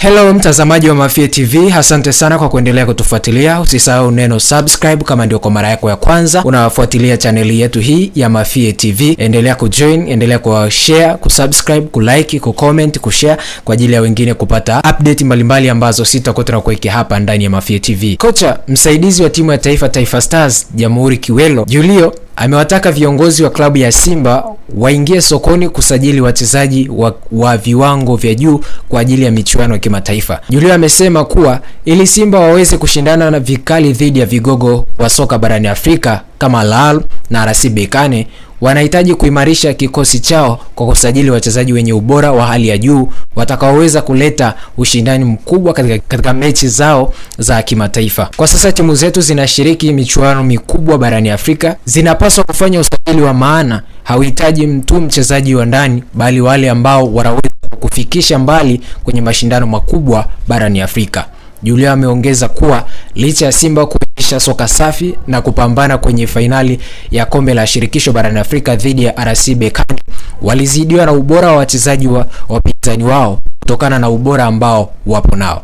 Hello mtazamaji wa Mafie TV, asante sana kwa kuendelea kutufuatilia. Usisahau neno subscribe kama ndio kwa mara yako ya kwanza unawafuatilia chaneli yetu hii ya Mafie TV. Endelea kujoin, endelea ku share, kusubscribe, kulike, kucomment, kushare kwa ajili ya wengine kupata update mbalimbali ambazo sitakuwa tunakuwekea hapa ndani ya Mafie TV. Kocha msaidizi wa timu ya taifa Taifa Stars Jamhuri Kiwelo Julio amewataka viongozi wa klabu ya Simba waingie sokoni kusajili wachezaji wa, wa viwango vya juu kwa ajili ya michuano ya kimataifa. Julio amesema kuwa ili Simba waweze kushindana na vikali dhidi ya vigogo wa soka barani Afrika kama Al Ahly na RC Berkane wanahitaji kuimarisha kikosi chao kwa kusajili wachezaji wenye ubora wa hali ya juu watakaoweza kuleta ushindani mkubwa katika, katika mechi zao za kimataifa. Kwa sasa timu zetu zinashiriki michuano mikubwa barani Afrika, zinapaswa kufanya usajili wa maana. Hauhitaji mtu mchezaji wa ndani, bali wale ambao wanaweza kufikisha mbali kwenye mashindano makubwa barani Afrika. julia ameongeza kuwa licha ya Simba ku kuhamasisha soka safi na kupambana kwenye fainali ya kombe la shirikisho barani Afrika dhidi ya RC Berkane walizidiwa na ubora wa wachezaji wa wapinzani wao kutokana na ubora ambao wapo nao.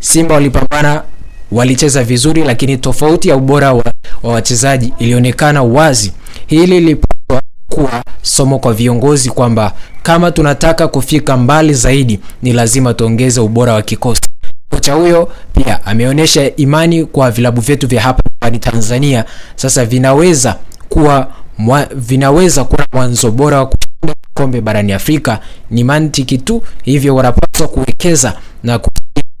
Simba walipambana, walicheza vizuri, lakini tofauti ya ubora wa, wa wachezaji ilionekana wazi. Hili lilipaswa kuwa somo kwa viongozi kwamba kama tunataka kufika mbali zaidi, ni lazima tuongeze ubora wa kikosi kocha huyo pia ameonyesha imani kwa vilabu vyetu vya hapa nchini Tanzania sasa vinaweza kuwa mwa, vinaweza kuwa mwanzo bora wa kushinda kombe barani Afrika. Ni mantiki tu, hivyo wanapaswa kuwekeza na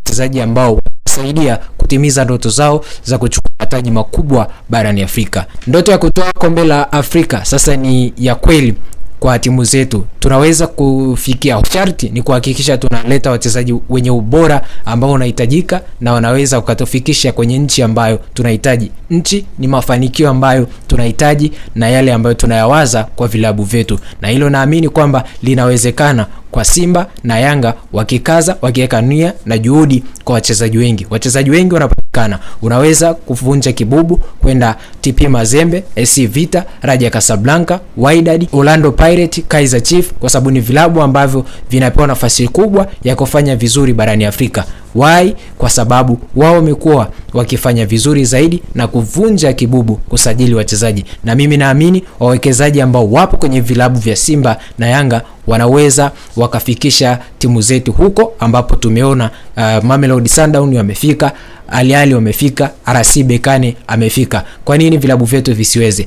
wachezaji ambao watasaidia kutimiza ndoto zao za kuchukua mataji makubwa barani Afrika. Ndoto ya kutoa kombe la Afrika sasa ni ya kweli kwa timu zetu tunaweza kufikia. Sharti ni kuhakikisha tunaleta wachezaji wenye ubora ambao unahitajika na wanaweza ukatufikisha kwenye nchi ambayo tunahitaji. Nchi ni mafanikio ambayo tunahitaji na yale ambayo tunayawaza kwa vilabu vyetu, na hilo naamini kwamba linawezekana kwa Simba na Yanga wakikaza, wakiweka nia na juhudi kwa wachezaji wengi. Wachezaji wengi wanapatikana, unaweza kuvunja kibubu kwenda TP Mazembe, SC Vita, Raja Casablanca, Wydad, Orlando pirate Kaizer chief kwa sababu ni vilabu ambavyo vinapewa nafasi kubwa ya kufanya vizuri barani Afrika. Why? Kwa sababu wao wamekuwa wakifanya vizuri zaidi na kuvunja kibubu kusajili wachezaji, na mimi naamini wawekezaji ambao wapo kwenye vilabu vya Simba na Yanga wanaweza wakafikisha timu zetu huko ambapo tumeona uh, mamelo Saudi Sundown wamefika, Al Ahly wamefika, RS Berkane amefika. Kwa nini vilabu vyetu visiweze?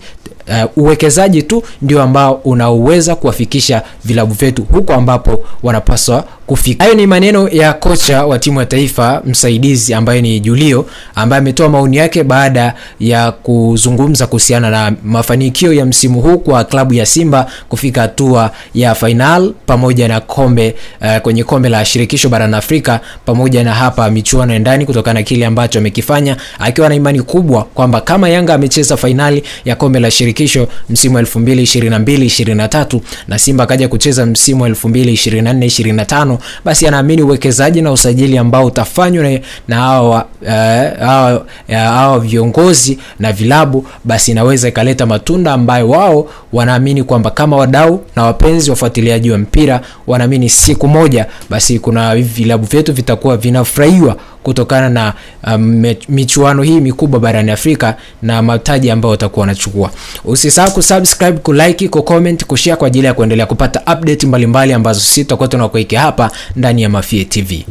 Uh, uwekezaji tu ndio ambao unaoweza kuwafikisha vilabu vyetu huko ambapo wanapaswa kufika. Hayo ni maneno ya kocha wa timu ya taifa msaidizi ambaye ni Julio ambaye ametoa maoni yake baada ya kuzungumza kuhusiana na mafanikio ya msimu huu kwa klabu ya Simba kufika hatua ya final pamoja na kombe uh, kwenye kombe la shirikisho barani Afrika pamoja na hapa michuano ya ndani kutokana na kile ambacho amekifanya, akiwa na imani kubwa kwamba kama Yanga amecheza fainali ya kombe la shirikisho msimu 2022 23 na Simba akaja kucheza msimu 2024 25 tano, basi anaamini uwekezaji na usajili ambao utafanywa na, na hawa, uh, eh, eh, viongozi na vilabu, basi inaweza ikaleta matunda ambayo wao wanaamini kwamba kama wadau na wapenzi wafuatiliaji wa mpira wanaamini siku moja basi kuna vilabu vyetu vitakuwa vinafurahiwa kutokana na um, michuano hii mikubwa barani Afrika na mataji ambayo watakuwa wanachukua. Usisahau kusubscribe, kulike, kucomment, kushare kwa ajili ya kuendelea kupata update mbalimbali mbali ambazo sisi tutakuwa tunakuwekea hapa ndani ya Mafie TV.